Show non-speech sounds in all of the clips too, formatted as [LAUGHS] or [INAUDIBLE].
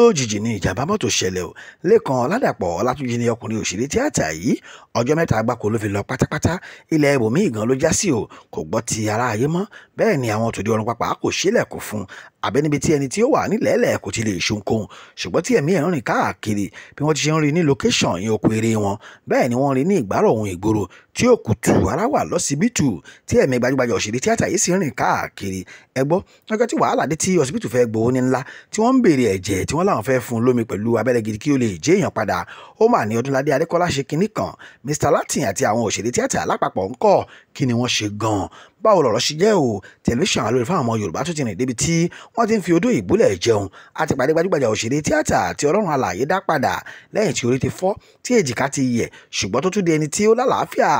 lójijì ní ìjàmbá mọ́tò ṣẹlẹ̀ o lẹ́kan ọ̀làdàpọ̀ ọ̀làtúnjì ni ọkùnrin òṣèré tíátà yìí ọjọ́ mẹ́ta gbáko ló fi lọ pátápátá ilẹ̀ ibòmíì gan ló já sí o kò gbọ́ ti ara ayé mọ́ bẹ́ẹ̀ ni àwọn tòde ọ̀run pápá kò ṣílẹ̀kùn fún àbẹ́nibi tí ẹni tí ó wà nílẹ̀ẹ́lẹ̀ kò ti lè ṣohunkóhun ṣùgbọ́n tí ẹ̀mí ẹ̀ ń rìn káàkiri bí wọ́n ti ṣe ń rí ní location yẹn oko eré wọn bẹ́ẹ̀ ni wọ́n rí ní ìgbárò ohun ìgboro tí ó kùtù ara wà lọ́sibítù tí ẹ̀mí gbajúgbajà òṣèré tíátà yìí sì ń rìn káàkiri ẹ gbọ́ lọ́jọ́ tí wàhálà dé tí ọsibítù fẹ́ gbowó ní ńlá tí wọ́n ń béèrè ẹ̀jẹ̀ tí wọ́n láwọn fẹ́ fún un lómi pẹ̀lú abẹ́rẹ́ gidi kí ó lè jẹ́ èèyàn padà ó mà ní Ọdúnládé Adékọ́lá ṣe kinní kan Mr Latin àti àwọn òṣèré tíátà lápapọ̀ ńkọ́ kí ni wọ́n ṣe gan-an báwo lọ̀rọ̀ ṣe jẹ́ o tẹlifíṣàn Alóore fún àwọn Yorùbá tó ti rìn débi tí wọ́n ti ń fi odó ìgbúlẹ̀ jẹun àti pàdé gbajúgbajà òṣèré tíátà tí ọlọ́run alààyè dá padà lẹ́yìn tí orí ti fọ́ tí èjìká ti yẹ̀ ṣùgbọ́n tó tún di ẹni tí ó lálàáfíà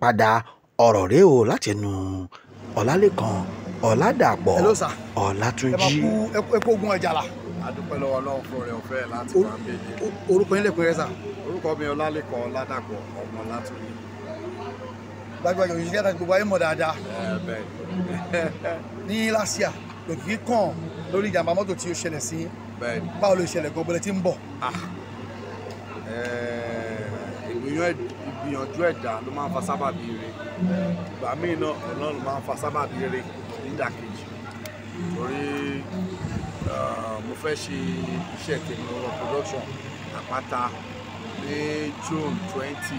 padà ọ̀rọ̀ rèé o láti ẹnu Ọlálékan Ọládàpọ̀ Ọlátúnjí. epo ogun ọjàlá. adúpẹ́ lọ́wọ́ ọlọ́run fún ọrẹ ọ̀fẹ́ láti máa ń bèèrè. orúkọ yín mi Ọlálékan Ọládàpọ̀ ọmọ gbajúgbajà òyìnbó yàtọ̀ gbogbo ayé mọ̀ dáadáa [LAUGHS] ní last year lòkìkí kàn lórí ìjàmbá mọ́tò tí ó ṣẹlẹ̀ sí báwo ló ṣẹlẹ̀ gan bọ́lẹ̀ tí ń bọ̀. Ah. ìgbìyànjú ẹ̀dá ló máa ń fa sábàbí ire ìgbà míì náà ọlọ́run máa ń fa sábàbí ire nídàkejì torí mo fẹ́ ṣe iṣẹ́ tèmi lọ́wọ́ production àpáta ní June twenty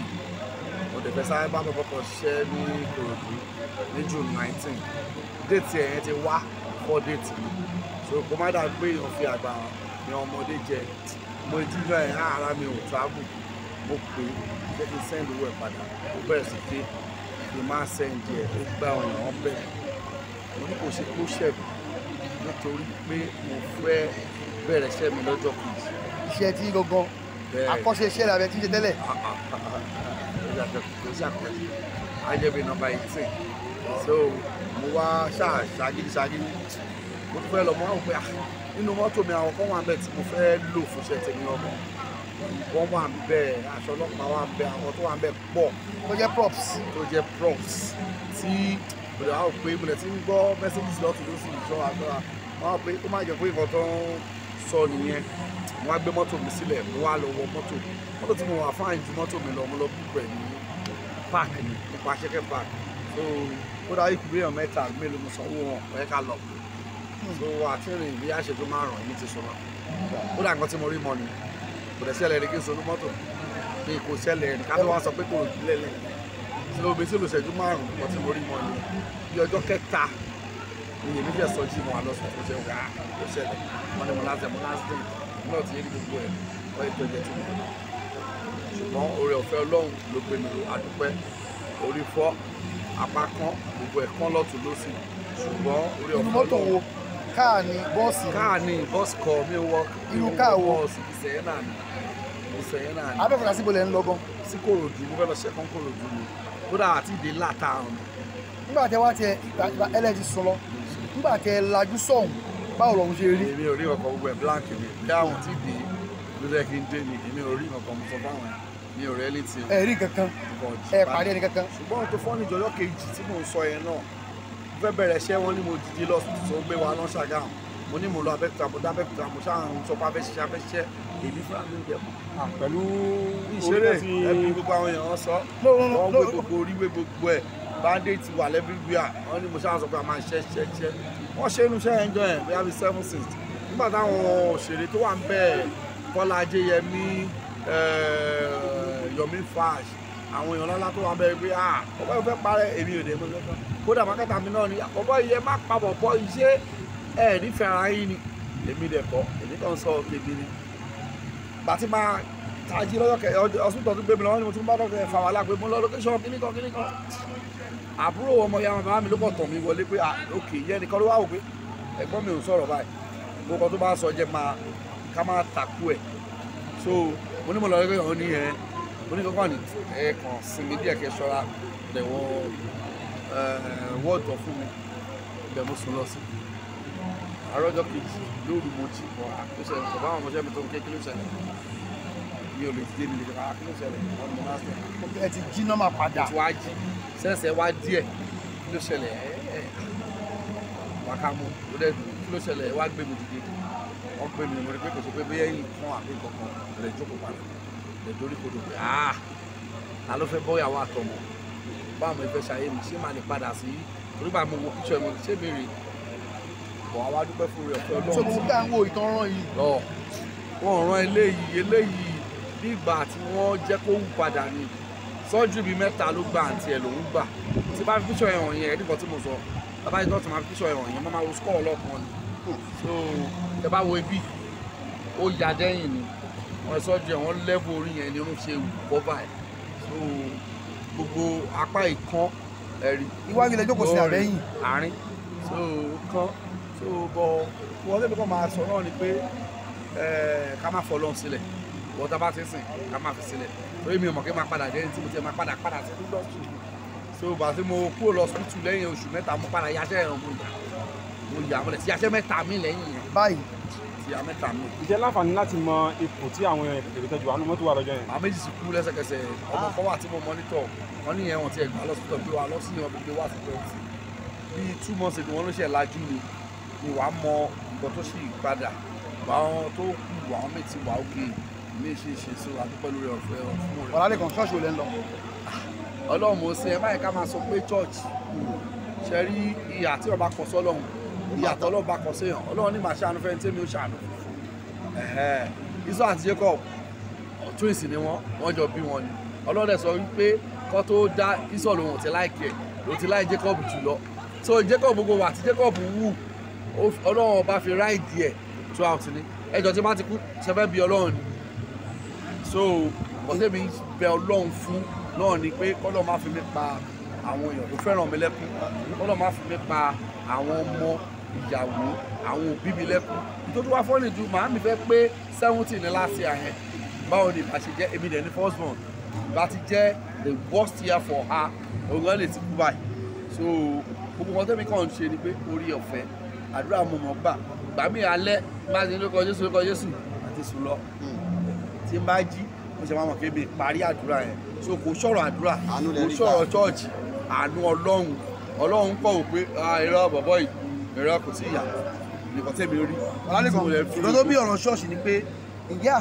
dẹ̀fẹ́ sáré bá mi kọ́kọ́ ṣiṣẹ́ ní Ìkòròdú ní June nineteen déètì ẹ̀yẹn ti wá fọ́ déètì mi so kò má dà pé èèyàn fi àgbà ni ọmọdé jẹ mo jíjọ ẹ̀ ara mi ò travel mo pè é jẹ́ kí n send owó ẹ̀ padà ó bẹ̀rẹ̀ sí pé kí n máa send ẹ̀ ó gbá ọ̀yàn bẹ́ẹ̀ mo ní kò ṣe kó ṣẹ̀bù nítorí pé mo fẹ́ bẹ̀rẹ̀ iṣẹ́ mi lọ́jọ́ kejì. iṣẹ́ tí gangan akọ́ṣe iṣẹ́ rẹ̀ abẹ́ tí ń ṣe tẹ́lẹ̀. Ah, ah, ah, àjọ kìkì ó ṣàkóso ajẹ́bí nọmba eighteen so mo wá ṣàgídí ṣàgídí mo ti fẹ́ lọ mo wá wò pé ah, nínú mọ́tò mi àwọn kan wà bẹ́ẹ̀ tí mo fẹ́ lò fún iṣẹ́ tèmi ọkọ̀ wọ́n wà bẹ́ẹ̀ aṣọ ọlọ́pàá wà bẹ́ẹ̀ àwọn tó wà bẹ́ẹ̀ pọ̀ tó jẹ́ props tó jẹ́ props tí mo lè wá wò pé mo lè ti ń gbọ́ messages lọ́tún lóṣù ìṣọ́ àgbà wọ́n wá pé ó má jẹ́ pé nǹkan tó ń mo wá gbé mọ́tò mi sílẹ̀ mo wá lọ wọ mọ́tò mọ́tò tí mo wà fáìn ju mọ́tò mi lọ mo lọ bú pẹ̀ ní páàkì ní nípa ṣẹ́kẹ́ páàkì so ó dáa ikú bíyàn mẹ́ta mélòó mo sanwó wọn ọ̀yẹ́ ká lọ so àtìrìn bí àṣejọ máa ràn mí ti sọ̀rọ̀ ó dà nǹkan tí mo rí mọ́ ni kò dẹ̀ ṣẹlẹ̀ ní kí n sonú mọ́tò pé kò ṣẹlẹ̀ ní ká tó wá sọ pé kò rògbì lẹ́lẹ̀ so omi sí olùṣẹ́jú márùn-ún nǹkan tí mo rí mọ́ ni bí ọjọ́ kẹta ni fẹ́ sọ jí mo wà lọ sọ fún ṣe wà ó ṣẹlẹ̀ mo ní mo láti mo láti dé náà ti yé gbogbo ẹ̀ wọ́n ètò ẹ̀jẹ̀ tó kù ṣùgbọ́n oore ọ̀fẹ́ ọlọ́run ló pe mi lò àdúpẹ́ orí fọ́ apá kan gbogbo ẹ̀ kán lọ́tún lọ́sì ṣùgbọ́n oore ọ̀fẹ́ ọlọ́run káà ni bọ́ọ̀sì káà ni bọ́ọ̀sì kọ mi wọ irú káà wọ ìsẹ̀yẹ́nà ni ìsẹ̀yẹ́nà ni abẹ́fẹ́ta síbo lẹ̀ ń lọ gan sí kòròdú mo fẹ́ lọ ṣẹ́kọ́ kòròdú ni kódà àti ìdè látàrún nígbà tẹ wá tẹ ẹlẹ́dì sùn lọ nígbà tẹ lajú sọ̀hún báwo lọ́hún ṣe rí. èmi ò rí ọkọ̀ gbogbo ẹ̀ blank mi bí àwọn tí bì í ló jẹ́ kí n dé ni èmi ò rí ọkọ̀ mo sọ fáwọn mi ò rẹ́ létí o. ẹ rí kankan ẹ pàdé ẹni kankan. ṣùgbọ́n tó fọ́nì ìjọjọ́ kejì tí mò ń sọ yẹn náà fẹ́ bẹ̀rẹ̀ iṣẹ́ wọn ni mo dìde lọ sí tó gbé wa lọ Ṣàgámù mo ní mo lọ abẹ́kúta mo dábẹ́kúta mo ṣáà ń sọ pé abẹ́ṣiṣẹ́ abẹ́ṣiṣẹ́ èmi fúnra mi ń jẹ bandage wà everywhere wọ́n ní mo ṣáà sọ pé a máa ṣẹ́ ṣẹ́ ṣẹ́ wọ́n ṣe inú iṣẹ́ ẹ̀ńjọ́ ẹ̀ bí i abi seven six nígbà táwọn òṣèré tó wà ń bẹ̀ Kọ́lá Ajéyẹmí eh, Yomi Fash àwọn èèyàn lọ́la tó wà ń bẹ̀ pé ah ọ̀pọ̀ yóò fẹ́ parẹ́ èmi ò dé mo lọ́kàn kódà mákàtà mi náà ni àkọ́kọ́ ah, iye má pabọ̀ pọ̀ iṣẹ́ ẹ̀ nífẹ̀ẹ́ ara yín ni èmi dẹ̀ kọ́ èmi kàn sọ kedere bàtí máa tají lọ́jọ́ kẹ ọsùn tó gbé mi lọ́wọ́ ni mo tún bá dọ́kẹ́ fà wà lápẹ́ mo lọ lókẹ́sọ̀n kíníkan kíníkan àbúrò ọmọ ya màmá mi ló kọ̀ tàn mí wọlé pé ok yẹn nìkan ló wá wò pé ẹ̀gbọ́n mi ò sọ̀rọ̀ báyìí gbogbo tó bá sọ jẹ́ máa ká máa takú ẹ̀ so mo ní mo lọ rẹ́gbẹ́ ọ̀hún ní ẹ̀ mo ní kankan ní ẹ̀ kàn sinmi díẹ̀ kẹ́ ṣọ́ra lẹ̀wọ̀ wọ́ọ̀dọ̀ fún mi ibẹ̀ mo sùn lọ sí àrọ́jọ́ kejì lóru mo ti bọ̀ àkóso ẹ̀ kọ̀ àwọn ọmọ ní olùdíje ní ìjọba àkínú ṣẹlẹ̀ ẹ ti jí nọ́mà padà. ètò ajé sẹ́sẹ̀ wá díẹ̀ kí ló ṣẹlẹ̀ ẹ̀ wákàmù ló dẹ̀ dùn kí ló ṣẹlẹ̀ wá gbé mi dìde wọ́n gbé mi mo rí pé kò sí pé bóyá yìí fún àbí kankan rẹ̀ jókòó padà rẹ̀ dórí kodò pé ah ta ló fẹ́ bọ́yàwó àtọmọ báwo mo fẹ́ ṣàyè mi ṣé màá lè padà sí onígbà mo wo píṣọ mi ṣé mi rè bọ̀ àwa dúpẹ́ fún rẹ̀ ọ̀fẹ́ ọlọ́run. sọ ti dáhùn ìtàn rán yìí. wọn ràn eléyìí eléyìí bí ìgbà tí wọ́n jẹ́ kó wù padà ni sọ́jú bíi mẹ́ta ló gba àǹtí ẹ̀ lòún gbà tí bá fi píṣọ̀ ẹ̀hàn yẹn ẹ̀dínkàn tí mo sọ bàbá yìí tọ́tù máa fi píṣọ̀ ẹ̀hàn yẹn máa máa wo skọ́ ọlọ́kan ni so ẹ bá wo ibi ó ya dẹ́yìn ni wọ́n sọ́jú ẹ̀ wọ́n lẹ́bù orí yẹn ni irun ṣe wù kọ́bà ẹ̀ so gbogbo apá ìkan ẹ̀rí. iwájú ilẹ̀ jókòó sí àbẹ́yìn. àárín so kan so bọ̀ wọ́n lè wọ́n tá a bá ti sìn ká máa fi sílẹ̀ torí mi ò mọ̀ kí n máa padà dẹ́yìn tí mo máa padà padà sí industry so bá tí mo kúrò lọ sùtù lẹ́yìn oṣù mẹ́ta mo padà yaṣẹ́ ẹ̀rọ mo yà mo yà mo lẹ̀ sí yaṣẹ́ mẹ́ta mi lẹ́yìn yẹn. báyìí sí ya mẹ́ta mi. ìjẹ́ láǹfààní láti mọ ipò tí àwọn èrò tẹ̀jú àánú mọ́tò wà lọ́jọ́ yẹn. àwọn méjì sì kú lẹ́sẹ̀kẹsẹ̀ ọmọ kan wà tí mo mọ́nítọ̀ wọn ní ẹ̀wọ̀n tí ẹ̀ gbà lọ́sítọ̀ so àdúpẹ́ lórí ọ̀fẹ́ ọ̀fún rẹ̀. ọ̀làlẹ̀ kan ṣọ́ọ̀ṣì ò lẹ́ ń lọ. ọlọ́run mo ṣe ẹ báyìí ká church ṣe rí ìyà tí ọba kọ sọ́lọ́run ìyà tí ọlọ́run bá so Jacob gbogbo wà tí Jacob wù ọlọ́run fi ráìdì ẹ̀ tó àwọn ti ní ẹjọ́ tí wọ́n ti kú ṣẹfẹ́ bí ọlọ́run ni so ọ̀sẹ̀ mi bẹ ọlọ́run fún náà ni pé kọ́lọ́ má fi mi pa àwọn èèyàn tó fẹ́ràn mi lẹ́kún kọ́lọ́ má fi mi pa àwọn ọmọ ìyàwó àwọn òbí mi lẹ́kún nítorí wá fọ́nì ju màámi fẹ́ pé seventy ní last year yẹn báwo ni ìbá ṣe jẹ́ èmi dẹ̀ ní first born ìbá ti jẹ́ the worst year for her òun náà lè ti kú báyìí so gbogbo wọn tẹ́mi kàn ń ṣe ni pé orí ọ̀fẹ́ àdúrà mo mọ̀ gbà gbàmí alẹ́ má ti lóko Jésù lóko Jésù àti sùn lọ tí n bá jí mo ṣe máa mọ̀ kébè parí àdúrà yẹn so kò sọ̀rọ̀ àdúrà kò sọ̀rọ̀ chọ́ọ̀chì àánú ọlọ́run ọlọ́run kọ̀ wò pé irọ́ bọ̀bọ̀ yìí irọ́ kò sí ìyá nìkan tẹ́mi rí. ọ̀làlẹ́kọ̀ọ́ tó bí ọ̀rọ̀ ṣọ́ọ̀ṣì ni pé ǹjẹ́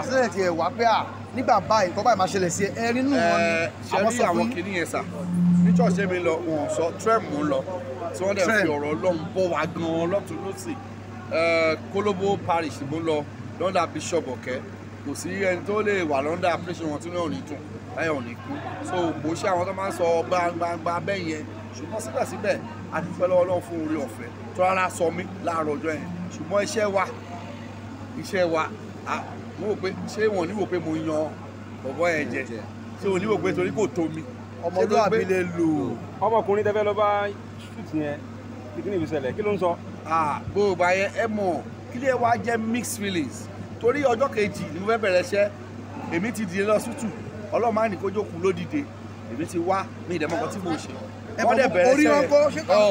àṣẹ́lẹ̀ tiẹ̀ wá pé à nígbà báyìí nǹkan báyìí máa ṣẹlẹ̀ sí ẹ nínú wọn ni àwọn sọ fún yín. ṣe rí àwọn kìíní yẹn sà ní ṣọ́ọ̀ṣì mi lọ wọn sọ trem ń kò sí ẹni tó lè wà lọ́ndà operation wọn tí náà ní tún láyà ò ní kú so kò ṣe àwọn tó máa ń sọ gbangbangba bẹ́ẹ̀ yẹn ṣùgbọ́n síbẹ̀síbẹ̀ a ti fẹ́ lọ́wọ́ lọ́wọ́ fún orí ọ̀fẹ́ tó rárá sọ mí láàárọ̀ ọjọ́ yẹn ṣùgbọ́n iṣẹ́ wa iṣẹ́ wa mo wò pé ṣé wọn ní wò pé mo yan bọ̀bọ̀ yẹn jẹ ṣé wọn ní wò pé torí kò tó mi ọmọlúwàbí lè lò. ọmọkùnrin tẹ́fẹ́ lọ bá ṣùtì yẹn kí ni ìbísẹ̀lẹ̀ kí ló ń sọ. gbogbo ah, ayẹ ẹ torí ọjọ́ kejì ni mo fẹ́ bẹ̀rẹ̀ iṣẹ́ èmi ti dìde lọ sútù ọlọ́mọ àní kójó kù lódìde èmi ti wá ní ìdẹ́mọ̀kọ tí mo ṣe wọ́n dẹ̀ bẹ̀rẹ̀ iṣẹ́ ọ̀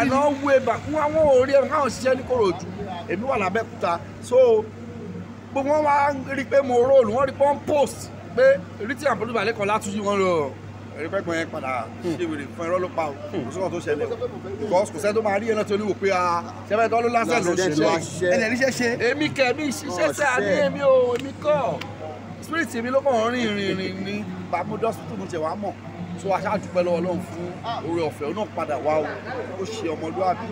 àná wé bà fún àwọn orí ẹ̀ káwọn ṣiṣẹ́ ní Kòròdú èmi wà lábẹ́kúta so gbogbo wọn wá rí pé mo róòlù wọn rí pé wọn post pé rìtì àpolúbalẹ̀ kan látúnjú wọn lọ ẹ̀rẹ́pẹ̀gbọ́n yẹn padà ṣe wèrè fún ẹ̀rọ ló pa o kò sọ́kàn tó ṣẹlẹ̀ because kò sẹ́ni tó máa rí ẹ̀rọ tó ní wò pé a ah, ṣẹ́fẹ́ tó ló lásán ló ṣe lọ ẹni ẹni ṣe ṣe. èmi kẹ mi ṣiṣẹ́ sẹ́ àní èmi o èmi kọ́ spirit mi ló kàn rìn rìn rìn ní bàmúdọ́ tó mo tẹ̀ wá mọ̀ so aṣáájú pẹ́ lọ́wọ́ lọ́hùn fún oore ọ̀fẹ́ náà padà wá o ó ṣe ọmọlúwàbí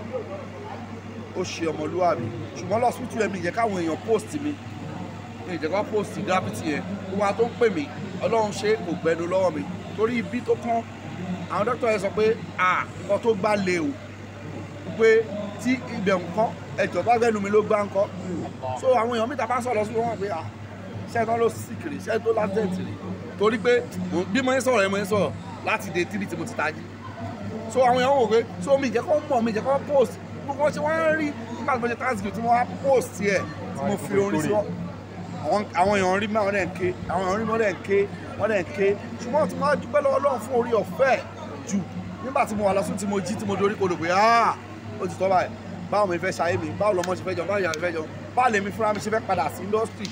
ó ṣe ọmọlúwàbí ṣùgbọ́n lọ́sítù torí ibi tó kán àwọn dókítà yẹn sọ pé à nǹkan tó gbá lè o pé tí ibẹ̀ nǹkan ẹ̀jọ̀ bá gbẹ́nu mi ló gbá nǹkan so àwọn èèyàn mìta bá sọ̀rọ̀ sí pé à ṣẹ́ẹ̀kan ló sì kiri ṣẹ́ẹ̀ tó látẹ̀tì rè torí pé bí mo ń sọ̀rọ̀ ẹ mo ń sọ̀rọ̀ láti dé tírì tí mo ti tají so àwọn èèyàn wò pé so mi ìjẹ́kọ́ mọ̀ mi ìjẹ́kọ́ post gbogbo ṣe wọ́n rí nígbà tí mo ṣe thanksgiving tí mo wá post àwọn èèyàn rí mọ́ àwọn èèyàn ké wọ́n dẹ̀ ń ké ṣùgbọ́n tí wọ́n dúpẹ́ lọ́wọ́ Ọlọ́run fún orí ọ̀fẹ́ jù nígbà tí mo wà lọ́sùn tí mo jí tí mo dorí kodò pé áà ah, ó ti tọ́ báyìí báwo mi fẹ́ ṣayé mi báwo lọ́mọ ṣe fẹ́ jọ báwo ìyá mi fẹ́ jọ báwo lèmi fúnra mi ṣe fẹ́ padà sí indọ́sítì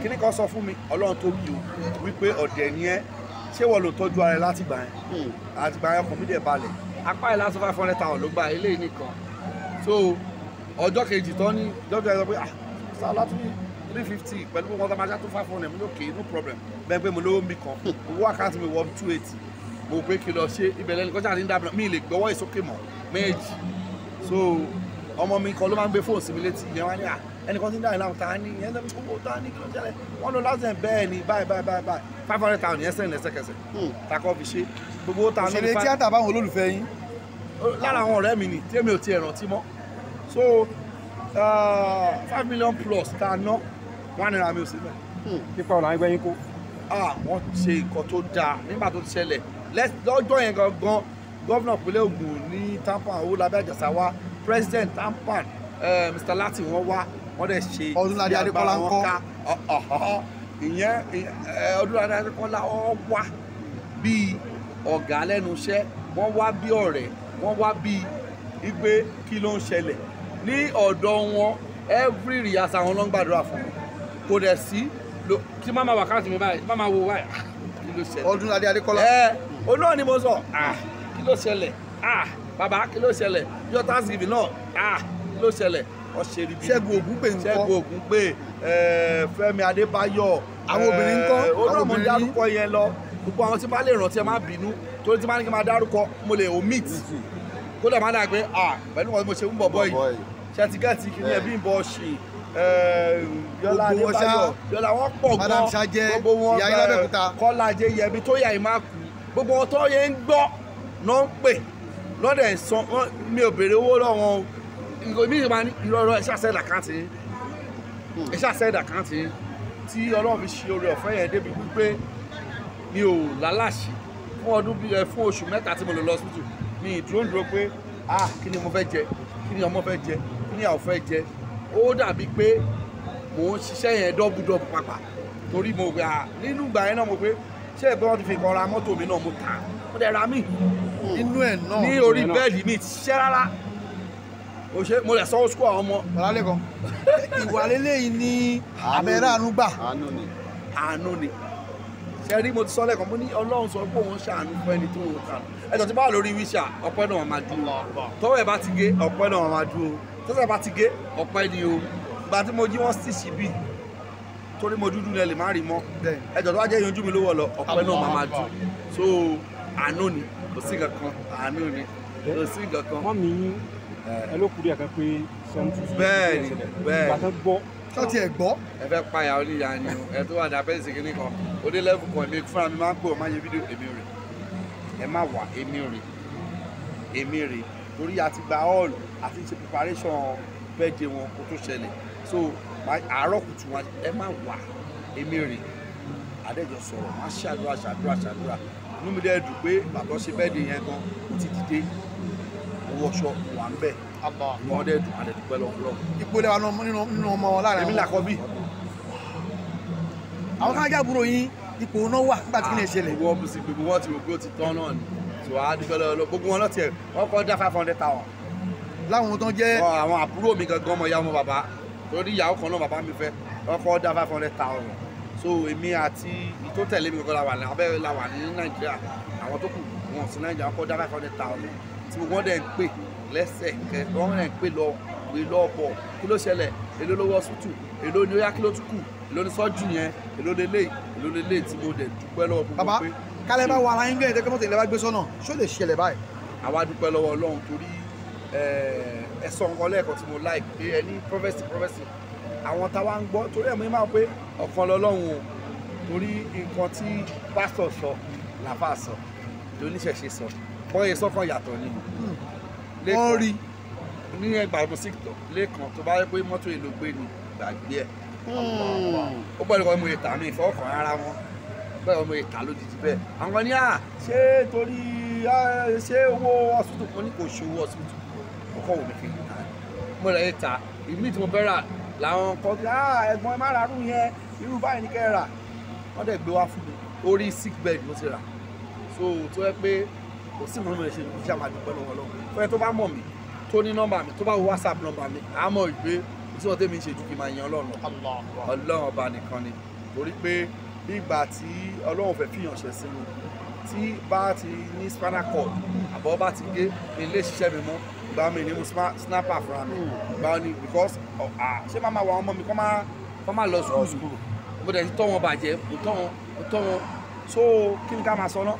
kíní kan sọ fún mi Ọlọ́run tó wí o wípé ọ̀dẹ̀ ni ẹ́ ṣé wọ́n lò tọ́jú ara ẹ láti gbà yẹn àti hmm. gbà yẹn kọ̀mí dẹ̀ balẹ̀ apá ẹ̀ lásán five hundred thousand ló gba eléyìí nìkan so ọjọ́ kejì tán ní ọjọ́ kejì tán pé ah sàlátì three fifty pẹ̀lú pé wọ́n tó máa ṣá tó five hundred mo ní òkè no problem bẹ́ẹ̀ pé mo lówó mi kan owó àkáǹtì mi wọ́n two eighty mo pé kí lọ ṣe ibẹ̀ lẹ́nu kọ́ṣà ní dábìlà mi lè gbọ́wọ́ ìsókè mọ́ méjì so ọmọ mi kan ló máa ń gbé fóònù sí mi létí ìyẹn wá ní à ẹnìkan tí ń dá ìlànà ta ni ìyẹn lẹ́nu owó ta ni kí ló jẹ́lẹ̀ wọ́n lọ láti ẹ̀ bẹ́ẹ̀ ni báyìí báyìí báyìí báyìí five hundred thousand yẹn sẹ́yìn lẹ́sẹ̀kẹsẹ̀ hmm. takọ́ fi ṣe gbogbo ó ta ní. òṣèré tíátà báwọn olólùfẹ́ yín. lára àwọn ọ̀rẹ́ mi ni tí èmi ò tiẹ̀ rántí mọ́ so uh, five million plus ta ná wọn á nira mi ò sí mẹ. Hmm. nípa ọ̀la ẹgbẹ́ yín kó. wọ́n ṣe nǹkan tó dáa nígbà tó ti ṣẹlẹ̀ lọ́jọ́ yẹn gangan gọ́vnà pínlẹ̀ Ògùn ní tampan Owólabí Àjàsà wá president tampan eh, Mr. Latin wọ́n wá wọ́n dẹ̀ ṣe Ọdúnládé Adékọ́lá ń kọ́ ìyẹn eh, Ọdúnládé Adékọ́lá ọ wá bíi ọ̀gá lẹ́nu iṣẹ́ wọ́n wá bí ọ̀rẹ́ wọ́n wá bí igbe kí ló ń ṣẹlẹ̀ ní ọ̀dọ̀ wọn every rehearsal wọn ló ń gbàdúrà fún wọn kò dẹ̀ sí tí má máa wà káàtì mi báyìí má máa wo wáyà kí ló ṣẹlẹ̀. ọdún adé adékọlá. ẹ olú ọ̀ni mo sọ kí ló ṣẹlẹ̀ bàbá kí ló ṣẹlẹ̀ yóò tásìkì náà kí ló ṣẹlẹ̀ ọ̀ṣẹ̀ ríbi. ṣẹ́gun ògún pè ń kọ́ ṣẹ́gun ògún pè fẹ́mi adébáyọ̀. àwọn obìnrin ń kọ́ àwọn obìnrin ní. ó rọ̀ mọ́ dárúkọ yẹn lọ gbogbo àwọn tí bá lè rántí ẹ má bínú torí tí bá ní kí n máa dárúkọ mo lè omit mm-hmm. kó lè má dàgbé pẹ̀lú wọn mo ṣe ń bọ̀ bọ́ yìí ṣe ti gẹ́ẹ̀tì kí ni bọ̀ ṣe yọlá adébáyọ̀ yọlá wọn pọ̀ gan gbogbo wọn kọ́lá ajé yẹbi tó yà yìí má kú gbogbo wọn tó ń gbọ́ ló ń pè lọ́dẹ̀ san mi ò béèrè owó lọ́wọ́ o mi ìgbà ìrọ̀rọ̀ ẹ̀ ṣàṣẹ́ ìdàkántì ẹ̀ ṣàṣẹ́ ìdàkántì tí ọlọ́run fi ṣe oore ọ̀fẹ́ yẹn débi wípé mi ò lálàṣì fún ọdún eh, fún oṣù mẹ́ta tí mo lò lọ hospital mi ìdúró dúró pé ah kí ni mo fẹ́ jẹ kí ni ọmọ fẹ́ jẹ kí ni àwọn fẹ́ jẹ ó dàbí pé mò ń ṣiṣẹ́ yẹn dọ́bùdọ́bù pàpà torí mo gbà nínú ìgbà yẹn náà mo pé ṣé ẹ̀gbọ́n ti fi kan ra mọ́tò mi náà mo tà mo dẹ̀ ra mí nínú ẹ̀ náà ní orí bẹ́ẹ̀lì mi ti ṣiṣẹ́ rárá o ṣe mo lè sanwó sukú àwọn ọmọ. ọ̀làlẹ́ kan [LAUGHS] ìwà lélẹ́yìn ni abẹ́rẹ́ àánú gbà. àánú ni. àánú ni ṣe rí mo ti sọ lẹ́ẹ̀kan mo ní ọlọ́run sọ pé òun ṣàánú fún ẹni tó ń ta ẹ̀tọ́ ti bá lórí wíṣà ọpẹ́ náà máa dúró tọ́wọ́ ẹ̀ bá ti gé ọpẹ́ náà máa dúró tó sábà ti gé ọ̀pẹ ni o gba tí mo jí wọ́n sì sí bíi torí mo dúdú ni ẹ lè má rí mọ́ ẹjọ́ tó wá jẹ́ yanjú mi lówó lọ ọ̀pẹ náà máa máa dùn so àánú ni kò sí kankan àánú ni kò sí kankan. mọ́ mi ẹ ló kúrò yàtọ̀ pé sọ́ńtì. bẹ́ẹ̀ni bẹ́ẹ̀ni bàtà gbọ́ tó gbọ́. ẹ fẹ́ payà oníyà ni o ẹ tó wà ní abẹ́sẹ̀ kínní kan onílẹ́fù kan èmi fúnra mi máa ń pè ọ́ máa yẹ fídíò èmi rè ẹ má wà èmi rè èmi rè torí a ti gba hall àti ṣe preparation birthday wọn kó tó ṣẹlẹ̀ so àárọ̀ kùtù wọn ẹ má wà èmi rè àdẹ́jọ sọ̀rọ̀ má ṣàdúrà ṣàdúrà ṣàdúrà inú mi dẹ́ dùn pé bàbá ṣe birthday yẹn gan ó ti dìde owó ọṣọ wà ń bẹ̀ wọn dẹ́ dùn àdẹ́ dùpẹ́ lọ́wọ́. ìpele wa nínú ọmọ wọn lára èmi làkọ́ bí. àwọn kan so a dúpẹ́ lọ́wọ́ gbogbo wọn lọ́tì ẹ̀ wọ́n kọ́ dá five hundred thousand. láwọn tó jẹ́. àwọn àbúrò mi gangan ọmọ ìyá ọmọ bàbá torí ìyàwó kan náà bàbá mi fẹ́ wọ́n kọ́ dá five hundred thousand. so èmi àti ìtó tẹ̀lé mi kankan la wà ní abẹ́rẹ́ la wà ní nàìjíríà àwọn tó kù wọn sí nàìjíríà wọ́n kọ́ dá five hundred thousand. tí wọ́n dẹ̀ ń pè lẹ́sẹ̀ kẹ́ wọ́n dẹ̀ ń pè lọ pè lọ kí ló ṣẹlẹ̀ èló lówó ọsùtù èló ni ó yá kí ló tún kù èló ni sọ́jú yẹn èló lélẹ̀ èló lélẹ̀ tí mo dẹ̀ dúpẹ́ lọ́wọ́ gbogbo pé. bàbá kálẹ̀ bá wà láyé gbẹ̀yìn tẹ́kẹ́ mọ́tò ilẹ̀ bá gbé sọ́nà ṣó lè ṣẹlẹ̀ báyìí. àwa dúpẹ́ lọ́wọ́ Ọlọ́run torí ẹ sọ nǹkan lẹ́ẹ̀kan tí mo like pé ẹ ní prophecy prophecy àwọn táwa ń gbọ́ torí ẹ̀ mú máa pé ọ̀kan lọ́lọ́run o torí nǹkan tí pásítọ̀ sọ làfà sọ lóníṣẹ̀ṣe sọ bọ́yẹ sọ́kàn yàtọ̀ ni. Hmm. wọ́n rí ní ẹgbàgbọ́ síkìtọ̀ lẹ́ẹ̀kan tó bá yẹ pé mọ́tò èlò gbé ni gbàgbé ẹ̀ hmm. ó gbọ́dọ̀ kọ́ mú ìtàn mi ìfọwọ́kàn ara wọn bẹ́ẹ̀ ọmọ ìta ló ti ti bẹ́ẹ̀ àwọn ní ṣé torí ṣé owó ọ̀sùtù wọn ní kò ṣòwò ọ̀sùtù ọkọ̀ wò mí fi yìí náà mo rẹ̀ ẹ̀ ta ìmí tí mo bẹ́ rà làwọn kan bí ẹ̀gbọ́n ẹ má ra rú yẹn irú báyìí ní kẹ́ rà wọ́n dẹ̀ gbé wá fún mi orí sick bed mo ti rà so tó yẹ pé kò sí mọ̀ mọ̀ ṣe ní ìjà dúpẹ́ lọ́wọ́ fẹ́ tó bá mọ̀ mí tó ní nọ́mbà mi tó bá wo whatsapp nọ́mbà mi àmọ́ ìgbé tí wọ́n tẹ́ mi ṣe jù kí n máa yan ọlọ́run ọlọ́run ọba nìkan ni torí pé bí ìgbà tí ọlọ́run fẹ́ fi ìyànṣẹ́ sí mi tí bá ti ní spinal cord àbọ̀ bá ti gé ilé ṣiṣẹ́ mi mọ́ ìgbà mi ni mo snapper fúnra mi ìgbà ni because ṣé máa ma wà ọmọ mi kọ́ máa lọ sùkúrù mo dẹ̀ ti tọ́ wọn bàjẹ́ mo tọ́ wọn mo tọ́ wọn so kí ni ká máa sọ náà.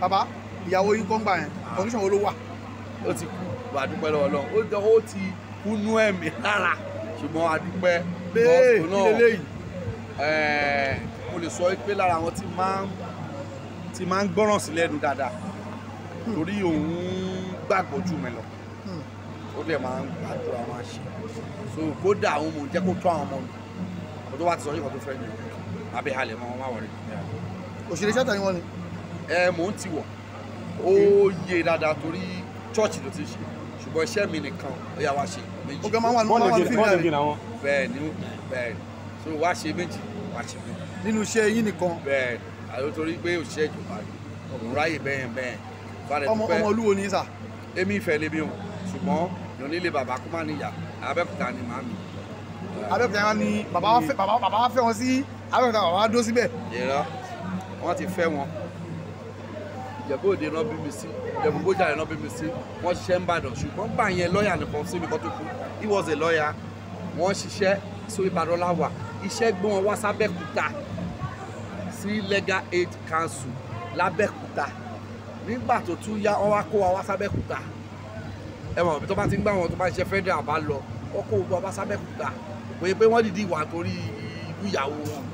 bàbá ìyàwó yín kọ́ ń gbà yẹn condition wo ló wà. ó ti kú wà á dúpẹ́ lọ́wọ́ lọ́wọ́ ó ti kú nú ẹ̀mí lára ṣùgbọ́n a dúpẹ́ bọ́ọ̀sì náà mo lè sọ pé lára àwọn tí máa ń tí máa ń gbọ́ràn sí lẹ́nu dáadáa torí òun gbàgbọ́ jù mí lọ ó dẹ̀ máa ń gbàdúrà máa ṣe so kódà àwọn ọmọ jẹ́ kó tó àwọn ọmọ mi kó tó wá ti sọ yíkan tó fẹ́ ni abẹ́ halẹ̀ mọ́ wọn má wọlé. òṣèré ṣáàtà ni wọ́n ni. ẹ mò ń ti wọ̀ ó yé dáadáa torí chọ́ọ̀chì ló ti ṣe ṣùgbọ́n iṣẹ́ mi nìkan ó yà wá ṣe méjì. ó gbẹ́ máa wà ní wọ́n wà ní fíìmù náà bẹ́ẹ̀ ni bẹ́ẹ̀ ni so wá ṣe méjì ìjọba ṣe mí. nínú iṣẹ́ yín nìkan. bẹ́ẹ̀ àyọ torí pé òṣìṣẹ́ ìjọba òun ráyè bẹ́ẹ̀ bẹ́ẹ̀. ọmọ ọmọ olúwo ni sà. èmi ìfẹ́ lèmi o ṣùgbọ́n yóò nílé kó má níyà abẹ́òkúta ni màá mi. abẹ́òkúta ni bàbá wa fẹ́ wọn sí abẹ́òkúta bàbá wa dó síbẹ̀. yẹ̀rọ wọ́n ti fẹ́ wọn ìjẹ̀bú òde náà bí mi sí ìjẹ̀bú bójà náà bí mi sí wọ́n ṣiṣẹ́ ń bàdàn ṣùgbọ́n gbà yẹn lọ́ọ̀yà nìkan sí mi kọ́ tó kú he was a lawyer wọ́n ṣiṣẹ́ so Ìbàdàn la wà iṣẹ́ gbé wọn wá sábẹ́kúta sí legal aid council lábẹ́kúta nígbà tó tún yá wọn wá kó wa wá sábẹ́kúta ẹ mọ̀ tó bá ti ń gbà wọn tó bá ń ṣe federal bá lọ wọn kó gbogbo wa sábẹ́kúta kò yẹ pé wọ́n dìde ìwà torí ìlú ìyàwó wọn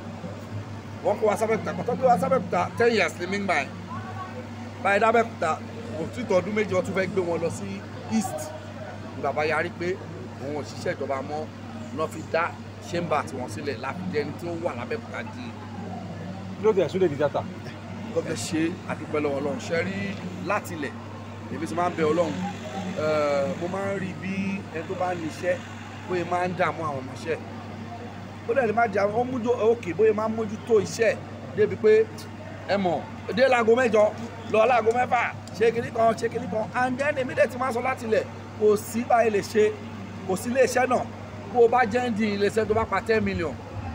wọ́n kó wa sábẹ́kúta pàtó pé wa sábẹ́kúta ten years ni mí gbà ẹ̀ báyìí lábẹ́kúta kò tí tọdún méjì wọn tún fẹ́ gbé wọn lọ sí east bàbá yarí pé òun ò ṣiṣẹ́ ìjọba mọ́ náà fi dá ṣẹ́mbà tiwọn sílẹ̀ láti dẹni tó wà lábẹ́kúta di. ló dé ẹ̀sùn lè di dátà. ló fẹ́ ṣe àdúpẹ́ lọ́wọ́ ọlọ́run ṣe rí látilẹ̀ èmi ti máa ń bẹ ọlọ́run mo máa ń rí bí ẹni tó bá ní iṣẹ́ bóyá máa ń dààmú àwọn ọmọọṣẹ́ ó dẹ̀ lè má jà ó mújú òkè bóyá máa ń mójútó iṣẹ́ débi pé ẹ mọ̀ dé láago mẹ́jọ lọ láago mẹ́fà ṣe kinní kan ṣe kinní kan and then èmi máa sọ látilẹ̀ kò sí báyìí lè ṣe kò sí ilé iṣẹ́ náà bó o bá jẹ́ ń di iléeṣẹ́ tó bá pa ten million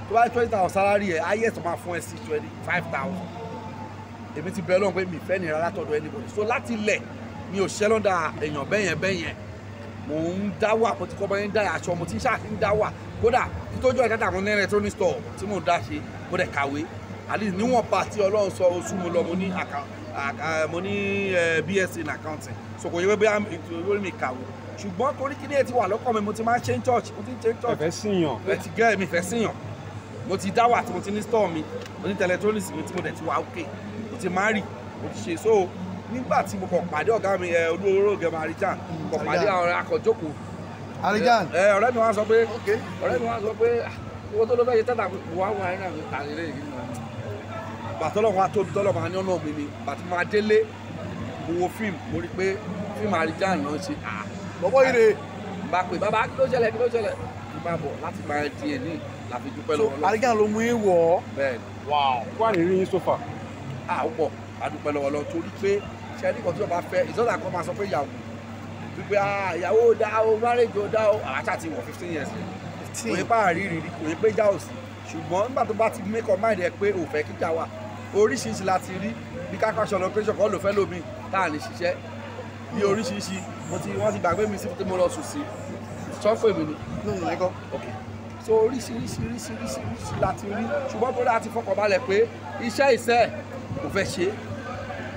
tó bá twenty thousand salary ẹ̀ ayé ẹ̀sán máa fún ẹ sí twenty five thousand èmi ti bẹ̀rẹ̀ lọ́wọ́ pé mi fẹ́ nira látọ̀dọ̀ anybody so láti lẹ̀ mi ò ṣẹ́ lọ́dà èèyàn bẹ́yẹn bẹ́yẹn mò ń dá wà mo ti kọ́ bá yẹn dá aṣọ mo ti ṣáà ń dá wà kódà títọ́jú ẹ̀ dáadáa ní electronic store tí mò ń dá ṣe mo dẹ̀ kàwé at least níwọ̀nba tí ọlọ́run sọ oṣù mo lọ mo ní eh, bsc in accounting so kò yẹ pé bí i mi kàwé ṣùgbọ́n torí kí ni èyí ti wà lọ́kàn mi mo ti máa ń ṣe ń church mo ti ń ṣe ń church. ẹ̀fẹ́ síyàn. bẹ́ẹ̀ ti gẹ́ mi fẹ́ síyàn mo ti dáwà tí mo ti ní store mi mo ní electronics mi tí mo dẹ̀ ti wà ok mo ti máa rì mo ti ṣe so nígbà tí mo kàn pàdé ọ̀gá mi ẹ olúoró gẹ̀mọ àríjàn kàn pàdé àwọn akọ̀jókòó. àríjàn. ẹ ọ̀rẹ́ mi wá sọ pé ọ̀rẹ́ mi wá sọ pé ah, owó tó ló fẹ́ ṣe tẹ́tà wà wà náà mi tà nílé yìí bàtọ́lọ́wọ́ atóbi tọ́lọ́wọ́ aní ọ̀nà mi ni bàtí bọ́bọ́ yìí rè. bá pè bàbá kí ló ṣẹlẹ̀ kí ló ṣẹlẹ̀ kí máa bọ̀ láti máa di ẹ̀ ní láti dúpẹ́ lọ́wọ́ lọ́wọ́. àríkàn ló mú yín wọ̀ ọ́. bẹ́ẹ̀ni. wàá kó àrírí yín sófà. a ó pọ̀ àdúpẹ́ lọ́wọ́ lọ torí pé ṣe ní kọ̀tún ọba fẹ́ ìsọ́nà kan máa sọ pé ìyàwó wípé ah, ìyàwó dá o márèjì o dá o àṣà ti wọ̀ fifteen years kò yẹ bá àrírí rí kò yẹ pé já ò sí ṣùgbọ́n nígbà tó bá ti make up mind ẹ pé òfẹ́ kíkà wà oríṣiríṣi láti rí bí kákàṣọ lọ pé ṣọkọ lò fẹ́ lómi tá à ní ṣiṣẹ́ bí oríṣiríṣi mo ti wọ́n ti gbàgbé mi sí pé mo lọ sùn sí sọ́fọ̀ èmi ni nínú yẹn gan so oríṣiríṣi láti rí ṣùgbọ́n bóyá a ti fọkàn balẹ̀ pé iṣẹ́ ìṣe kò fẹ́ ṣe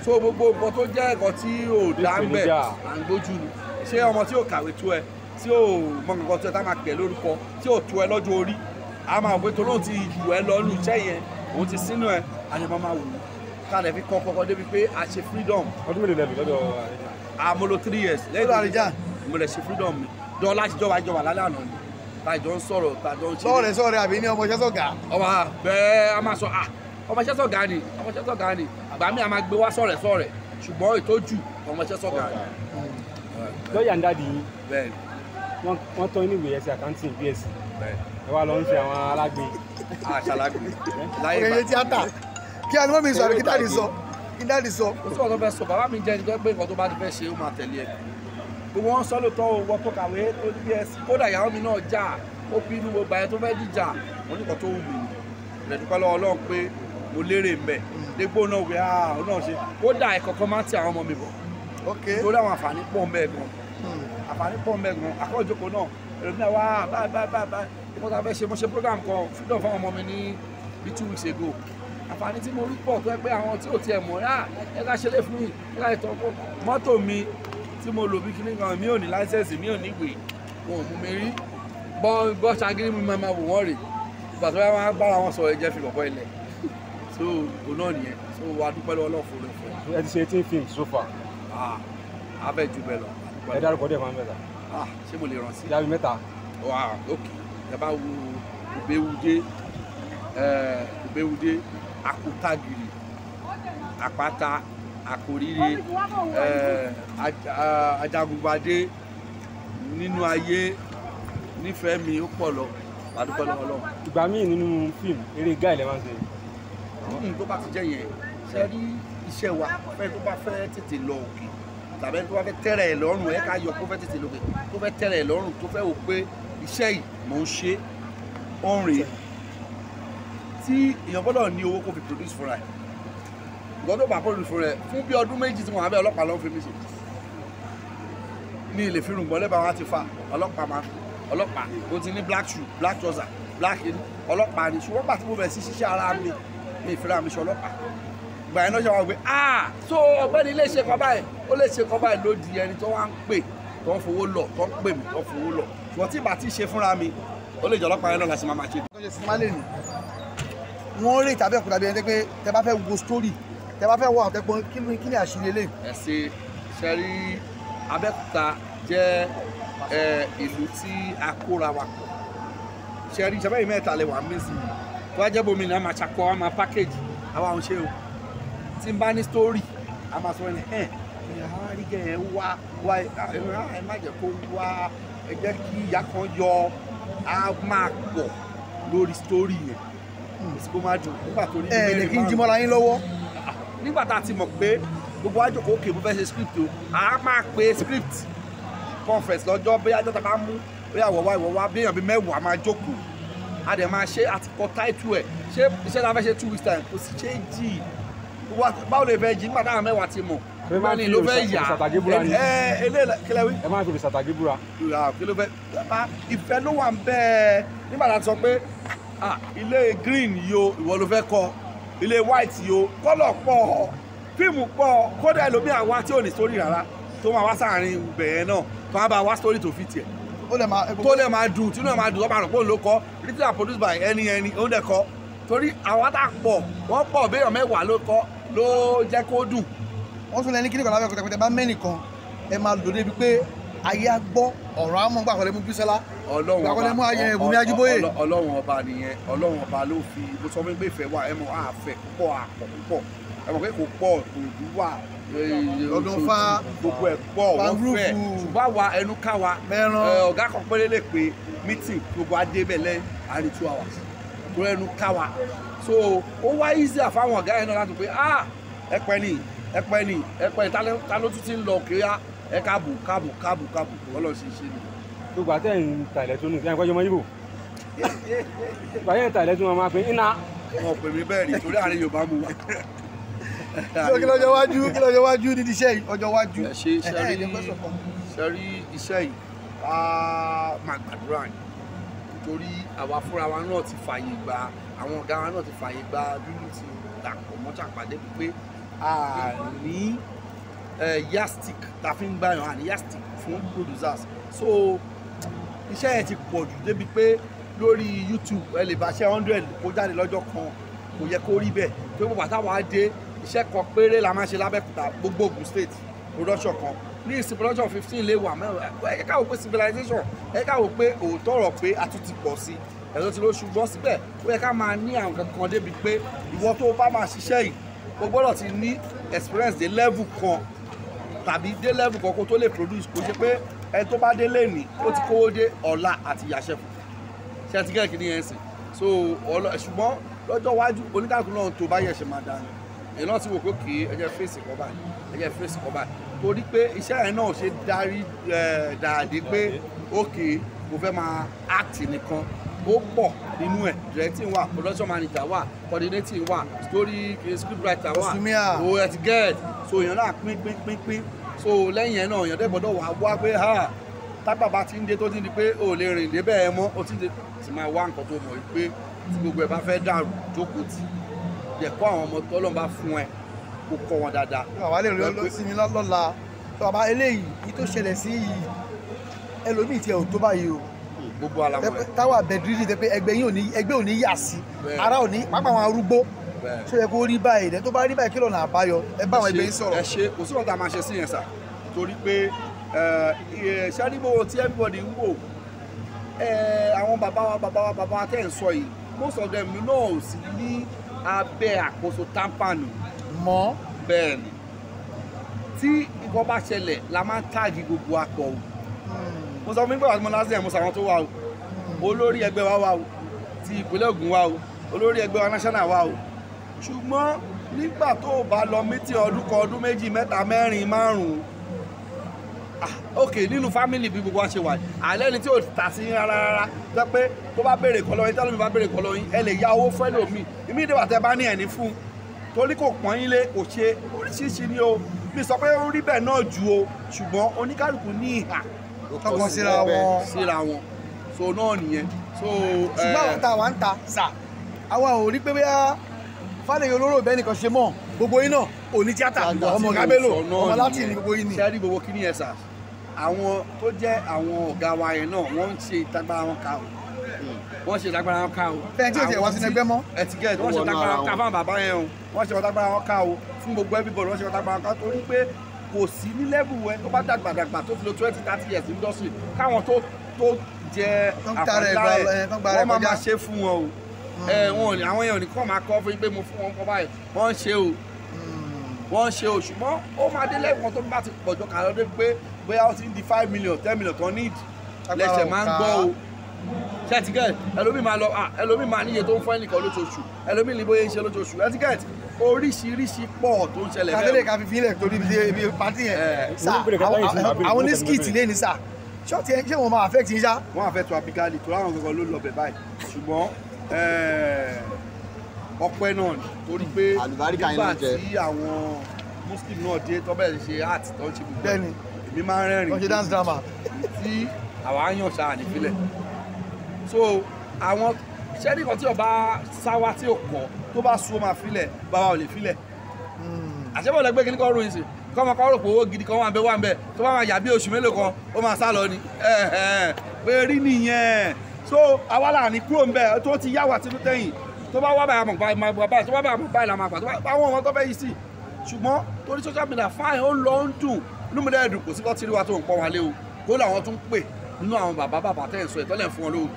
so gbogbo nǹkan tó jẹ́ nǹkan tí ò dá ń bẹ̀ à ń gbójú ni ṣé ọmọ tí ò kàwé tó ẹ tí ò mọ nǹkan tó ẹ tá máa pè lórúkọ tí ò tó ẹ lọ́jọ́ orí a máa wò pé tolóhùn ti jù ẹ lọ́nu iṣẹ́ yẹn òun ti sínú ẹ àyẹ̀mọ́ máa wò ó kalẹ̀ fi kọ́ kọ́kọ́ débi pé a ṣe freedom. ọdún mélòó lẹ́bi lọ́dọ̀ àríjà. àmọ́ lo three years lẹ́yìn àríjà mo lè ṣe freedom mi dán láti jọba jọba lálẹ́ àná ni tàjọ ń sọ̀rọ̀ tàjọ ń ṣe. sọ̀rọ̀ sọ̀rọ̀ àbí ní ọmọ ṣẹ́sọ̀gà. ọmọ ah, bẹ́ẹ̀ a máa sọ à ah, ọmọ ṣẹ́sọ̀gà ni ọmọ ṣẹ́sọ̀gà ni àgbà mi a máa gbé wá sọ̀rẹ̀ sọ̀rẹ̀ ṣùgbọ́n ètò jù ọmọ ṣẹ́sọ̀gà ni. lọ́ọ̀yà ń dàbí yín wọ́n tọ́ inú ìwé ẹsẹ̀ àkáǹtì bsc ẹ wá lọ ń ṣe àwọn alágbe. àṣàlágbe. láyé bá kí a ní mọ́mí sọ àbí kí dáàdì sọ kí dáàdì sọ. kò sí ọ̀dọ́ fẹ́ sọ bàbá mi jẹ́ ẹni tó gbé nǹkan tó bá ti fẹ́ ṣe ó máa tẹ̀lé ẹ̀ gbogbo wọn sọ lóòótọ́ owó tó kàwé tó ní bs kódà ìyàwó mi náà jà ó bínú gbogbo àyẹ tó fẹ́ jíjà wọn ní kan tó wù mí ìrẹ̀dúpẹ́ lọ́wọ́ ọlọ́run pé mo lérè mbẹ̀ dégbò náà wẹ̀ á ọ náà ṣe kódà ẹ̀kọ̀ọ̀kan máa ń ti àwọn ọmọ mi bọ̀ lórí àwọn àǹfààní pọ̀ mbẹ́ gan hmm. àǹfààní pọ̀ mbẹ́ gan akọ́jọpọ̀ náà ẹlòmíà wá báyìí báyìí báyìí báyìí àǹfààní tí mo rí pọ̀ tó ẹ pé àwọn tí ò tiẹ̀ mọ̀ rà ah, ẹ ká ṣe lé fún mi ẹ ká ìtọ́ pọ̀ mọ́tò mi tí mo lò bí kíní kan mi ò ní láńsẹ̀sì mi ò ní ìwé wọn ò mú mi rí bọ́ bọ́ ṣagírí mi máa wò wọ́n rè ìgbà tó yá wọn bára wọn sọ ẹ̀jẹ̀ fi bọ̀bọ̀ ilẹ̀ so òun náà nìyẹn so wà á dúpẹ́ lọ́wọ́ lọ́fọ̀ rẹ̀ fún ẹ. ẹ ti ṣe eighteen films so far. ah abẹ́ ju bẹ́ẹ̀ lọ. ẹ dárúkọ díẹ̀ máa ń ah ṣé mo lè ràn sí. yàrá mẹ́ta. wà ok ẹ bá wo òbẹ́wúdé òbẹ́wúdé àkótagìrì àpáta àkòríre eh, eh, ajagunbadé nínú ayé nífẹ̀ẹ́ mi ó pọ̀ lọ adúpẹ́ lọ́wọ́ lọ. ìgbà míì nínú fíìmù eré gáì lè máa ń ṣe. fíìmù tó bá ti jẹ́ yẹn ṣe rí iṣẹ́ wa fẹ́ tó bá fẹ́ tètè lọ òkè tàbí tó bá fẹ́ tẹ́rẹ̀ ẹ̀ lọ́rùn ẹ̀ ká yọ kó fẹ́ tètè lókè tó fẹ́ tẹ́rẹ̀ ẹ̀ lọ́rùn tó fẹ́ wò pé iṣẹ́ yìí mò ń ṣe ó tí èèyàn gbọ́dọ̀ ní owó kó fi produce fúnra ẹ̀ gbọ́dọ̀ bá produce fúnra ẹ̀ fún bí ọdún méjì tí wọ́n abẹ́ ọlọ́pàá lọ́n fi mí sùn ní ilé fi rùngbọ́n lẹ́bàá wọn ti fa ọlọ́pàá máa ọlọ́pàá o ti ní black shoe black trouser black ọlọ́pàá ni ṣùgbọ́n pàtó mo bẹ̀rẹ̀ sí ṣiṣẹ́ ara mi mi ìfira mi ṣe ọlọ́pàá gbà yẹn lọ́jọ́ wọn pé ah so ọ̀gbẹ́ni ilé ṣe kan báyìí ó lè ṣe kan báyìí lódì ẹni tó wá ń pè tó ń fowó lọ tó ń pè mí tó ń fowó lọ ṣùgbọ́n tí ìbá ti ṣe fúnra mi ó lè jọ ọlọ́pàá yẹn lọ́la sí máa máa ṣe wọ́n rè tàbí ẹ̀kọ́ tàbí ẹni pé tẹ bá fẹ́ wo story tẹ bá fẹ́ wọ àwọn tẹpọn kí ni kí ni àṣírí eléyìí. ẹ ṣe ṣe rí Abẹ́òkúta jẹ́ ìlú tí a kóra wa pọ̀ ṣe rí ìjọba yìí mẹ́ta lè wà mísì tó wá jẹ́ bomi ni a máa ṣakọ a máa pákéjì àwa òun ṣe o tí n bá ní story a máa sọ ẹni ẹ̀ àríkẹ́ ẹ̀ wá wá ẹ má jẹ́ kó wá ẹ jẹ́ kí ìyá kan yọ a máa pọ̀ lórí story yẹn ìsìnkú máa dùn nígbà tó ní. ẹ ẹ kí n jí mọ́ra yín lọ́wọ́. nígbà tá a ti mọ̀ pé gbogbo àjòkó òkè mo fẹ́ ṣe script o a máa pe script conference lọ́jọ́ bí ajọ́ ta bá mú bí àwọ̀ wá ìwọ̀ wá bí èèyàn bí mẹ́wàá máa jókòó a dẹ̀ máa ṣe àtikọ́ title ẹ̀ ṣé iṣẹ́ ta fẹ́ ṣe two weeks time kò sí ṣé jì báwo lè fẹ́ jì nígbà táwọn mẹ́wàá ti mọ̀ mani ló fẹ́ yà ẹ ilé kílẹ̀ ẹ má fi òrìṣà ìfẹ́ ló wà ń bẹ́ẹ̀ nígbà tá a sọ pé ah ilé green yìí o ìwọ ló fẹ́ kọ ilé white yìí o kọ́lọ̀ pọ̀ fíìmù pọ̀ kódà ẹlòmíì àwọn àti òní sórí rárá tó máa wá sáàrin bẹ̀yẹn náà tó máa bá wá sórí tó fi tiẹ̀ tó lè máa dùn tí inú ẹ̀ máa dùn lọ́pàá àrùnpọ̀ ló kọ́ written and produced by ẹni ẹni ó dẹ̀ kọ́ torí àwọn àtàpọ̀ wọ́n pọ̀ béèyàn mẹ́wàá ló kọ́ ló jẹ́ kó dùn. wọ́n tún lẹ ní kíníkan lábẹ́ ọ̀kọ̀tẹ̀kọ̀tẹ̀ bá mẹ́nìkan ẹ máa lò ayé á gbọ́ ọ̀rọ̀ àmọ́ gbà kọ́lé mú bísọ́lá gbà kọ́lé mú ayé ẹ̀bùnmí ajíbóyè. ọlọ́run ọba nìyẹn ọlọ́run ọba ló fi mo sọ fún mi pé ìfẹ́ wà ẹ mọ̀ àfẹ́ púpọ̀ àpọ̀ púpọ̀ ẹ pé kò pọ̀ òdú wà ọdún fa gbogbo ẹ̀ pọ̀ wọ́n fẹ́ ṣùgbọ́n wa ẹnu ká wa ọ̀gá kan péré lè pé meeting gbogbo adé bẹ̀ lẹ́yìn àárín two hours tó ẹnu ká wa so ó wá easy àfáwọn ọ̀gá yẹn náà láti pé ah ẹ̀pẹ́ ni ẹ̀pẹ́ ni ẹ̀pẹ́ ni ta ló tún ti ń lọ kiri ẹ káàbù káàbù káàbù káàbù ọlọ́ sì ṣe ni. tó gbà tẹ̀ ń ta electronics ẹ̀ ń kọ́jú ọmọ yìí bò gbà yẹn ta electronics ọmọ apẹ iná. wọn pè mí bẹ́ẹ̀ ni torí àárín Yorùbá mu wa. kí lọ́jọ́ wájú kí lọ́jọ́ wájú nídìí iṣẹ́ yìí ọjọ́ wájú. ṣe sẹ́rí iṣẹ́ yìí a máa gbàdúrà ni nítorí àwa fúnra wa náà ti fààyè gba àwọn ọ̀gá wa náà ti fààyè gba bíbí ti dàpọ̀ mọ́ṣàpàdé pé a ní Eh, yastic ta fi ń gbàyàn and yastic fún producers so iṣẹ́ yẹn ti pọ̀ jù débi pé lórí youtube ẹ lè bá ṣe hundred kó jáde lọ́jọ́ kan kò yẹ kó rí bẹ́ẹ̀ tó bọ̀ bàtà wàá dé iṣẹ́ kan péré la máa ṣe lábẹ́kúta gbogbo Ògùn state production kan ní ìsìn production fifteen lè wà mẹ́wàá ẹ ká wò pé civilization ẹ ká wò pé òótọ́ ọ̀rọ̀ pé a tún ti pọ̀ sí ẹ̀rọ tí ló ṣùgbọ́n síbẹ̀ ó yẹ ká máa ní àwọn kankan débi pé ìwọ tó bá máa ṣiṣẹ́ yìí o gbọ́dọ̀ ti ní experience dé level kan tàbí dé level kankan tó lè produce kò ṣe pé ẹni tó bá dé lẹ́nìí ó ti kówó dé ọ̀la àti ìyàṣẹ́ fún ṣé ẹ gẹ́gẹ́ kìíní yẹn sìn so ọlọ ṣùgbọ́n lọ́jọ́ iwájú oníkàkùn náà tó bá yẹ̀ ṣe máa dànù èyí náà ti wò pé kì í ẹ jẹ́ fèsì kọ́ báyìí ẹ jẹ́ fèsì kọ́ báyìí torí pé iṣẹ́ yẹn náà ṣe darí dàdí pé ókè mo fẹ́ máa act nìkan ó pọ̀ nínú ẹ̀ directing wà production manager wà coordinating wà story script writer wà o oh, ẹ̀ ti get so èèyàn náà pín pín pín pín so lẹ́yìn ẹ̀ náà èèyàn dẹ́gbọ́dọ̀ wà wá pé ha tábà ti ń dé tó ti di pé o lè rìn dé bẹ́ẹ̀ mọ́ o ti di ti máa wá nǹkan tó mọ̀ pé tí gbogbo ẹ̀ bá fẹ́ dàrú jókòó tì yẹ kó àwọn ọmọ tọ́lọ́ bá fún ẹ kó kọ́ wọn dáadáa. àwa lè rí ọlọ́sìn lọ́la bàbá eléyìí yìí tó ṣẹlẹ̀ sí yìí ẹlòmíì tiẹ̀ ò tó báyìí o gbogbo alamọ ẹ táwa bẹ̀ẹ́dì rí i pé ẹgbẹ́ yìí yà sí ara ò pápá àwọn arúgbó ṣé yẹ kó rí báyìí rẹ tó bá rí báyìí kí lọ́nà àbáyọ ẹ bá àwọn ẹgbẹ́ yín sọ̀rọ̀. ẹ ṣe kò sí ọ̀tá máa ṣe sí yẹn sà torí pé ṣáàdìbò tí everybody ń wò àwọn bàbá wa bàbá wa bàbá wa tẹ̀ ń sọ yìí most of them náà ò sí ní abẹ́ àkóso támpánù. mọ́ bẹ́ẹ̀ ni tí nǹkan bá ṣẹlẹ̀ la máa ń táàgì gbogbo apọ̀ o hmm. mo sọ fún mi pé àwọn ọmọlásẹ̀ mo sàwọn tó wà o hmm. olórí ẹgbẹ́ wa wà o ti ìpínlẹ̀ Ògùn wà o olórí ẹgbẹ́ wa national wà o ṣùgbọ́n nígbà tó o bá lọ mítí ọdún ọdún méjì mẹ́ta mẹ́rin márùn-ún ah, ok nínú fámìlì bí gbogbo wa ṣe wà àlẹ́ ni tí o tà sí rárá rárá jẹ́ pé tó bá béèrè kọ́ lọ́yìn tẹ́lómi bá béèrè kọ́ lọ́yìn ẹ lè ya owó fẹ́ lómi ìmí ìdíwà tẹ bá ní ẹ̀ ní fún torí kò pọ́n yín lé kò ṣe oríṣiríṣi ni o mi sọ pé ó bẹ́ẹ̀ náà ju o ṣùgbọ́n oníkálukú ní ìhà kọ́kọ́ síra wọn síra wọn so náà nìyẹn ṣùgbọ́n eh, àwọn tá a ń ta sà àwa ò rí pé bóyá fàlẹ́yìn olóró bẹ́ẹ̀ nìkan ṣe mọ̀ gbogbo yín náà òní tíátà ọmọ gábélò ọmọ láti ní gbogbo yín ni. sẹ́rí gbogbo kí ni ẹ̀ sà àwọn tó jẹ́ àwọn ọ̀gá wa yẹn náà wọ́n ń ṣe ìtagbára wọn ká o wọ́n ṣe ìtagbára wọn ká o. fẹ́ẹ́ tí o tiẹ̀ wá sí ẹgbẹ́ mọ́. ẹ ti gẹ̀ wọ́n ṣe ìtagbára wọn ká fún bàbá yẹn o wọ́n ṣe ìtagbára wọn ká o fún gbogbo everybody wọ́n ṣe ìtagbára wọn ká torí pé kò sí ní lẹ́bù ẹ tó bá dàgbàdàgbà tó fi lo twenty thirty years industry káwọn tó tó jẹ àpáńdá ẹ wọn àwọn èèyàn nìkan máa kọ́ fún yín pé mo fún wọn kọ́ báyìí wọ́n ṣe o wọ́n ṣe o ṣùgbọ́n ó máa dé lẹ́ẹ̀kan tó bá ti pọ̀jọ́ kà lọ́dẹ́ pé bóyá ó ti ń di five million ten million kan ní lẹ́sẹ̀ máa ń gbọ́ o ṣẹ́tìgẹ́t ẹlòmíì máa lọ ẹlòmíì máa níye tó ń fún ẹnìkan lóṣooṣù ẹlòmíì ní bóyá ń ṣe lóṣooṣù ṣẹ́tìgẹ́t oríṣiríṣi pọ̀ tó ń ṣẹlẹ̀ bẹ́ẹ̀. kàdélé ká torí ibi pati yẹn sá àwọn ní skit lé Eh, ọpẹ́ náà torí pé nígbà tí àwọn muslim náà dé tó bẹ̀rẹ̀ ṣe art tó ń ṣe gbogbo bẹ́ẹ̀ni èmi máa ń rẹ́rìn dance drama tí àwa á yàn ṣáà nípínlẹ̀ so àwọn ṣẹ́ni kan tí ọba sáwá tí ò kọ́ tó bá sún ó máa filẹ̀ bàbá ò lè filẹ̀ hmm. àṣẹ́bọ̀ lẹ́gbẹ́ kí ní kọ́ ròyìn sí kọ́ ọmọ kọ́ rò pé owó gidi kan wà ń bẹ wà ń bẹ tó bá máa yà bí oṣù mélòó kan ó máa sá lọ ni pé rí nìyẹn so àwa là ní kúrò nbẹ tó ti yá wa sínú tẹ̀yìn tó bá wà báyà mọ̀ báyìí tó bá báyà mọ̀ báyìí là máa gbà tó bá wọn wọn tó fẹ́ yìí sí ṣùgbọ́n torí social media fáìn ó lọ ń dùn lúmídẹ́ ẹ̀dùn kò sí kọ́ tìrí tó ń pọ́n wa lé o kó làwọn tún pè nínú àwọn bàbá bàbá tẹ̀ ń sọ ìtọ́lẹ̀ fún wọn lóhùn.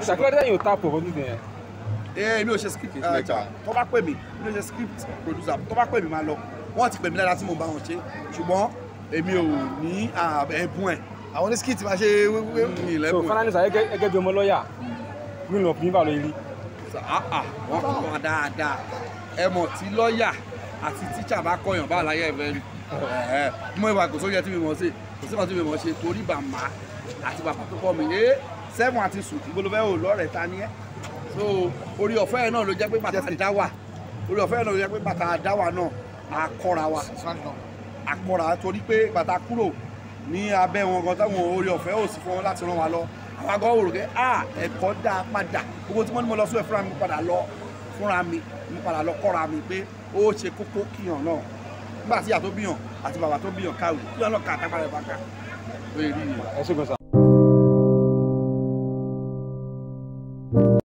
ìṣàkílẹ̀ yóò tààpọ̀ ọdún nìyẹn eh, èmi ò ṣe script eh, tó bá pè mí mi ò ṣe script producer tó bá pè mí máa lọ wọ́n ti pè mí àwọn ní skit máa ṣe wéwé. so finally sir ẹgẹ bí ọmọ lọ́ọ̀yà green up nígbà lóye rí. Ah, ah, wọ́n kọ́ ọ dáadáa ẹ mọ̀ tí lọ́ọ̀yà àti tíṣà bá kọyàn bá láyé ẹ̀fẹ́ rí mọ ìwà kò sóyẹ tí mi mọ̀ ṣe kò sí pàtó mi mọ̀ ṣe torí bàmà àti bàbá tó kọ́ mi ẹ́ sẹ́fún àti sùn ìgbólófẹ́ ò lọ́rẹ̀ẹ́ ta ni ẹ́ so orí ọ̀fẹ́ yẹn náà ló jẹ́ pé bàtà dá wà orí ọ̀fẹ́ yẹn náà ló jẹ́ pé bàtà dá wà náà àkọ́ra wa àkọ́ra torí pé bàtà kúrò ní abẹ́ wọn gan táwọn orí ọ̀fẹ́ ò sí fún wọn láti ràn wá lọ àwọn àgọ́ òrò kẹ́ à ẹ̀kọ́ dá padà gbogbo tí wọ́n ní mo lọ sún ẹ̀ fúnra mi padà lọ fúnra mi mo padà lọ kọ́ra mi pé ó ṣe kókó kíyàn náà nígbà tí ìyá tó bíyàn àti bàbá tó bíyàn káwé kíyàn náà kà á tá padà bá ká.